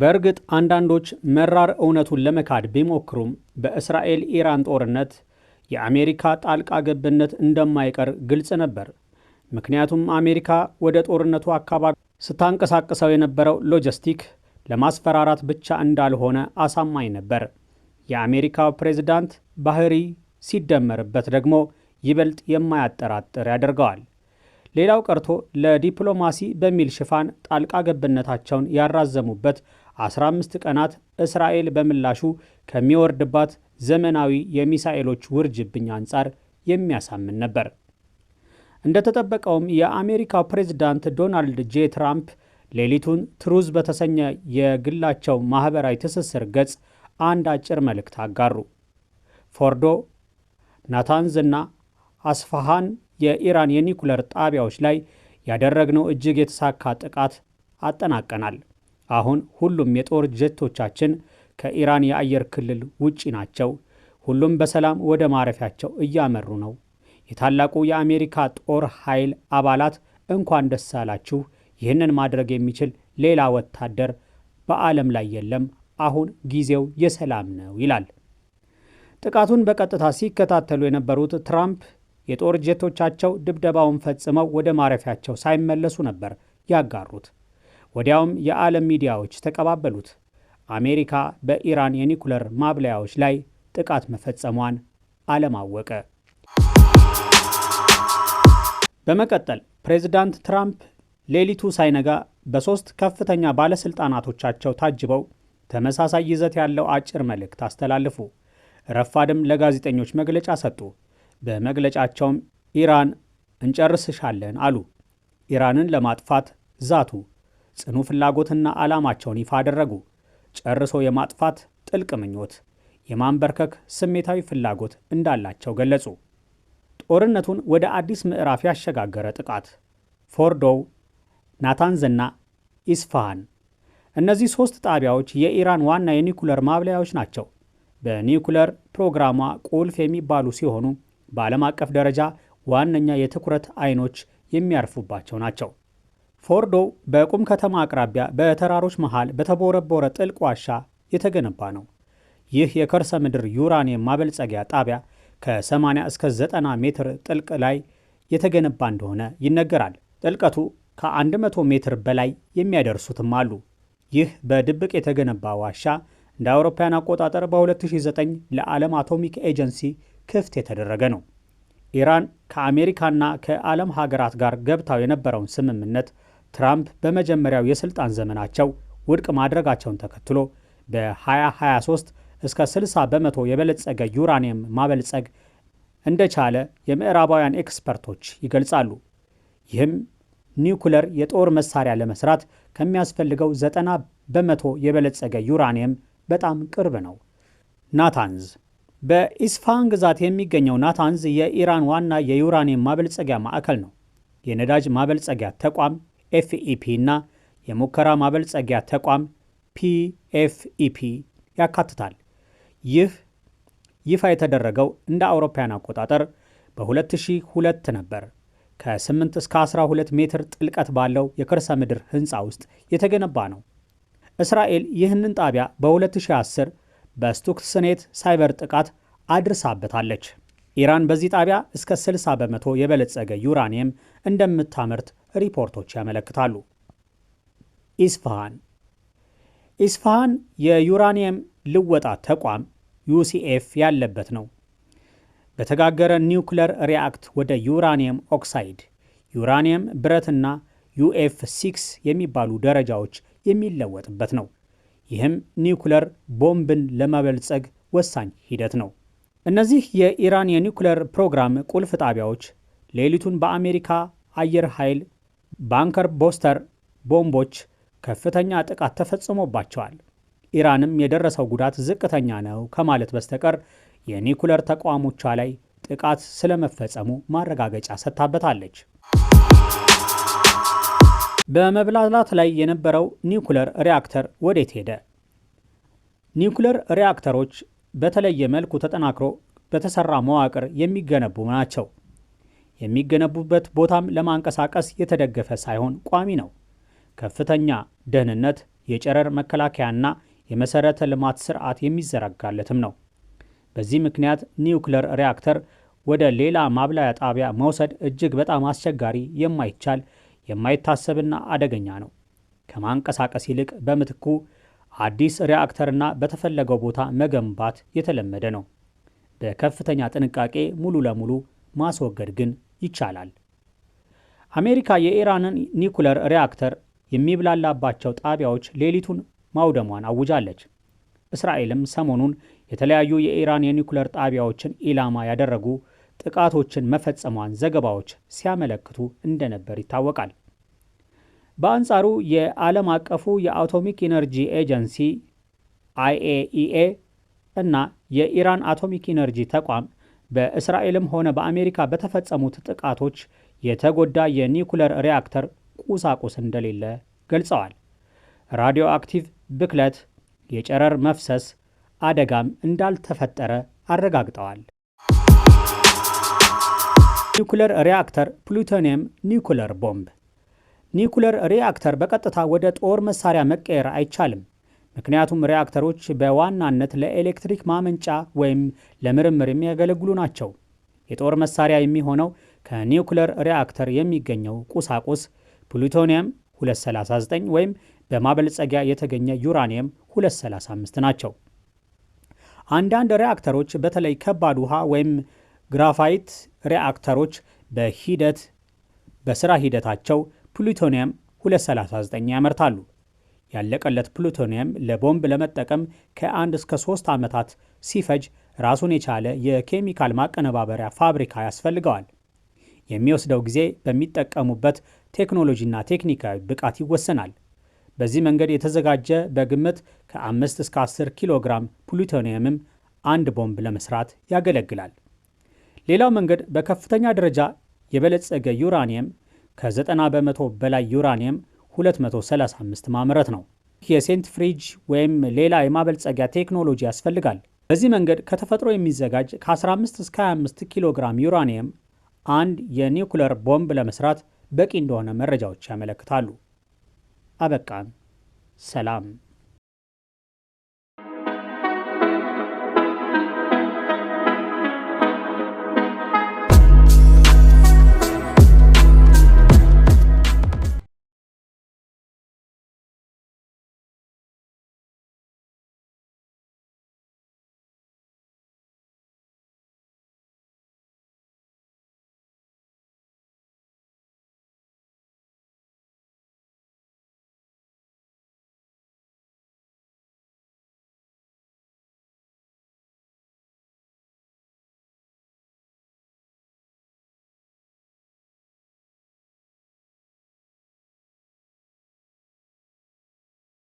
በእርግጥ አንዳንዶች መራር እውነቱን ለመካድ ቢሞክሩም በእስራኤል ኢራን ጦርነት የአሜሪካ ጣልቃ ገብነት እንደማይቀር ግልጽ ነበር። ምክንያቱም አሜሪካ ወደ ጦርነቱ አካባቢ ስታንቀሳቅሰው የነበረው ሎጂስቲክ ለማስፈራራት ብቻ እንዳልሆነ አሳማኝ ነበር። የአሜሪካው ፕሬዝዳንት ባህሪ ሲደመርበት ደግሞ ይበልጥ የማያጠራጥር ያደርገዋል። ሌላው ቀርቶ ለዲፕሎማሲ በሚል ሽፋን ጣልቃ ገብነታቸውን ያራዘሙበት 15 ቀናት እስራኤል በምላሹ ከሚወርድባት ዘመናዊ የሚሳኤሎች ውርጅብኝ አንጻር የሚያሳምን ነበር። እንደተጠበቀውም የአሜሪካ ፕሬዝዳንት ዶናልድ ጄ ትራምፕ ሌሊቱን ትሩዝ በተሰኘ የግላቸው ማኅበራዊ ትስስር ገጽ አንድ አጭር መልእክት አጋሩ። ፎርዶ፣ ናታንዝ እና አስፋሃን የኢራን የኒኩለር ጣቢያዎች ላይ ያደረግነው እጅግ የተሳካ ጥቃት አጠናቀናል። አሁን ሁሉም የጦር ጀቶቻችን ከኢራን የአየር ክልል ውጪ ናቸው። ሁሉም በሰላም ወደ ማረፊያቸው እያመሩ ነው። የታላቁ የአሜሪካ ጦር ኃይል አባላት እንኳን ደስ አላችሁ። ይህንን ማድረግ የሚችል ሌላ ወታደር በዓለም ላይ የለም። አሁን ጊዜው የሰላም ነው ይላል። ጥቃቱን በቀጥታ ሲከታተሉ የነበሩት ትራምፕ የጦር ጀቶቻቸው ድብደባውን ፈጽመው ወደ ማረፊያቸው ሳይመለሱ ነበር ያጋሩት። ወዲያውም የዓለም ሚዲያዎች ተቀባበሉት። አሜሪካ በኢራን የኒኩለር ማብለያዎች ላይ ጥቃት መፈጸሟን ዓለም አወቀ። በመቀጠል ፕሬዚዳንት ትራምፕ ሌሊቱ ሳይነጋ በሦስት ከፍተኛ ባለሥልጣናቶቻቸው ታጅበው ተመሳሳይ ይዘት ያለው አጭር መልእክት አስተላልፉ። ረፋድም ለጋዜጠኞች መግለጫ ሰጡ። በመግለጫቸውም ኢራን እንጨርስሻለን አሉ። ኢራንን ለማጥፋት ዛቱ። ጽኑ ፍላጎትና ዓላማቸውን ይፋ አደረጉ። ጨርሶ የማጥፋት ጥልቅ ምኞት፣ የማንበርከክ ስሜታዊ ፍላጎት እንዳላቸው ገለጹ። ጦርነቱን ወደ አዲስ ምዕራፍ ያሸጋገረ ጥቃት ፎርዶው፣ ናታንዝና ኢስፋሃን እነዚህ ሦስት ጣቢያዎች የኢራን ዋና የኒኩለር ማብለያዎች ናቸው። በኒኩለር ፕሮግራሟ ቁልፍ የሚባሉ ሲሆኑ በዓለም አቀፍ ደረጃ ዋነኛ የትኩረት አይኖች የሚያርፉባቸው ናቸው። ፎርዶ በቁም ከተማ አቅራቢያ በተራሮች መሃል በተቦረቦረ ጥልቅ ዋሻ የተገነባ ነው። ይህ የከርሰ ምድር ዩራኒየም ማበልጸጊያ ጣቢያ ከ80 እስከ 90 ሜትር ጥልቅ ላይ የተገነባ እንደሆነ ይነገራል። ጥልቀቱ ከ100 ሜትር በላይ የሚያደርሱትም አሉ። ይህ በድብቅ የተገነባ ዋሻ እንደ አውሮፓውያን አቆጣጠር በ2009 ለዓለም አቶሚክ ኤጀንሲ ክፍት የተደረገ ነው። ኢራን ከአሜሪካና ከዓለም ሀገራት ጋር ገብታው የነበረውን ስምምነት ትራምፕ በመጀመሪያው የስልጣን ዘመናቸው ውድቅ ማድረጋቸውን ተከትሎ በ2023 እስከ 60 በመቶ የበለጸገ ዩራኒየም ማበልጸግ እንደቻለ የምዕራባውያን ኤክስፐርቶች ይገልጻሉ። ይህም ኒውክለር የጦር መሳሪያ ለመስራት ከሚያስፈልገው 90 በመቶ የበለጸገ ዩራኒየም በጣም ቅርብ ነው። ናታንዝ በኢስፋን ግዛት የሚገኘው ናታንዝ የኢራን ዋና የዩራኒየም ማበልጸጊያ ማዕከል ነው። የነዳጅ ማበልጸጊያ ተቋም ኤፍኢፒ እና የሙከራ ማበልጸጊያ ተቋም ፒኤፍኢፒ ያካትታል። ይህ ይፋ የተደረገው እንደ አውሮፓውያን አቆጣጠር በ2002 ነበር። ከ8 እስከ 12 ሜትር ጥልቀት ባለው የከርሰ ምድር ህንፃ ውስጥ የተገነባ ነው። እስራኤል ይህንን ጣቢያ በ2010 በስቱክስኔት ሳይበር ጥቃት አድርሳበታለች። ኢራን በዚህ ጣቢያ እስከ 60 በመቶ የበለጸገ ዩራኒየም እንደምታመርት ሪፖርቶች ያመለክታሉ። ኢስፋሃን ኢስፋሃን የዩራኒየም ልወጣ ተቋም ዩሲኤፍ ያለበት ነው። በተጋገረ ኒውክለር ሪያክት ወደ ዩራኒየም ኦክሳይድ፣ ዩራኒየም ብረትና ዩኤፍ ሲክስ የሚባሉ ደረጃዎች የሚለወጥበት ነው። ይህም ኒውክለር ቦምብን ለመበልጸግ ወሳኝ ሂደት ነው። እነዚህ የኢራን የኒውክሌር ፕሮግራም ቁልፍ ጣቢያዎች ሌሊቱን በአሜሪካ አየር ኃይል ባንከር ቦስተር ቦምቦች ከፍተኛ ጥቃት ተፈጽሞባቸዋል። ኢራንም የደረሰው ጉዳት ዝቅተኛ ነው ከማለት በስተቀር የኒውክሌር ተቋሞቿ ላይ ጥቃት ስለመፈጸሙ ማረጋገጫ ሰጥታበታለች። በመብላላት ላይ የነበረው ኒውክሌር ሪያክተር ወዴት ሄደ? ኒውክሌር ሪያክተሮች በተለየ መልኩ ተጠናክሮ በተሰራ መዋቅር የሚገነቡ ናቸው። የሚገነቡበት ቦታም ለማንቀሳቀስ የተደገፈ ሳይሆን ቋሚ ነው። ከፍተኛ ደህንነት፣ የጨረር መከላከያና የመሰረተ ልማት ስርዓት የሚዘረጋለትም ነው። በዚህ ምክንያት ኒውክለር ሪያክተር ወደ ሌላ ማብላያ ጣቢያ መውሰድ እጅግ በጣም አስቸጋሪ፣ የማይቻል የማይታሰብና አደገኛ ነው። ከማንቀሳቀስ ይልቅ በምትኩ አዲስ ሪአክተርና በተፈለገው ቦታ መገንባት የተለመደ ነው። በከፍተኛ ጥንቃቄ ሙሉ ለሙሉ ማስወገድ ግን ይቻላል። አሜሪካ የኢራንን ኒኩለር ሪአክተር የሚብላላባቸው ጣቢያዎች ሌሊቱን ማውደሟን አውጃለች። እስራኤልም ሰሞኑን የተለያዩ የኢራን የኒኩለር ጣቢያዎችን ኢላማ ያደረጉ ጥቃቶችን መፈጸሟን ዘገባዎች ሲያመለክቱ እንደነበር ይታወቃል። በአንጻሩ የዓለም አቀፉ የአቶሚክ ኢነርጂ ኤጀንሲ አይኤኢኤ እና የኢራን አቶሚክ ኢነርጂ ተቋም በእስራኤልም ሆነ በአሜሪካ በተፈጸሙት ጥቃቶች የተጎዳ የኒኩለር ሪያክተር ቁሳቁስ እንደሌለ ገልጸዋል። ራዲዮ አክቲቭ ብክለት፣ የጨረር መፍሰስ አደጋም እንዳልተፈጠረ አረጋግጠዋል። ኒኩለር ሪያክተር ፕሉቶኒየም ኒኩለር ቦምብ ኒኩለር ሪአክተር በቀጥታ ወደ ጦር መሳሪያ መቀየር አይቻልም። ምክንያቱም ሪአክተሮች በዋናነት ለኤሌክትሪክ ማመንጫ ወይም ለምርምር የሚያገለግሉ ናቸው። የጦር መሳሪያ የሚሆነው ከኒውክለር ሪአክተር የሚገኘው ቁሳቁስ ፕሉቶኒየም 239 ወይም በማበልጸጊያ የተገኘ ዩራኒየም 235 ናቸው። አንዳንድ ሪአክተሮች በተለይ ከባድ ውሃ ወይም ግራፋይት ሪአክተሮች በሂደት በስራ ሂደታቸው ፕሉቶኒየም 239 ያመርታሉ። ያለቀለት ፕሉቶኒየም ለቦምብ ለመጠቀም ከአንድ እስከ ሶስት ዓመታት ሲፈጅ ራሱን የቻለ የኬሚካል ማቀነባበሪያ ፋብሪካ ያስፈልገዋል። የሚወስደው ጊዜ በሚጠቀሙበት ቴክኖሎጂና ቴክኒካዊ ብቃት ይወሰናል። በዚህ መንገድ የተዘጋጀ በግምት ከ5 እስከ 10 ኪሎ ግራም ፕሉቶኒየምም አንድ ቦምብ ለመስራት ያገለግላል። ሌላው መንገድ በከፍተኛ ደረጃ የበለጸገ ዩራኒየም ከ90 በመቶ በላይ ዩራኒየም 235 ማምረት ነው። የሴንት ፍሪጅ ወይም ሌላ የማበልጸጊያ ቴክኖሎጂ ያስፈልጋል። በዚህ መንገድ ከተፈጥሮ የሚዘጋጅ ከ15 እስከ 25 ኪሎ ግራም ዩራኒየም አንድ የኒውክለር ቦምብ ለመስራት በቂ እንደሆነ መረጃዎች ያመለክታሉ። አበቃን። ሰላም።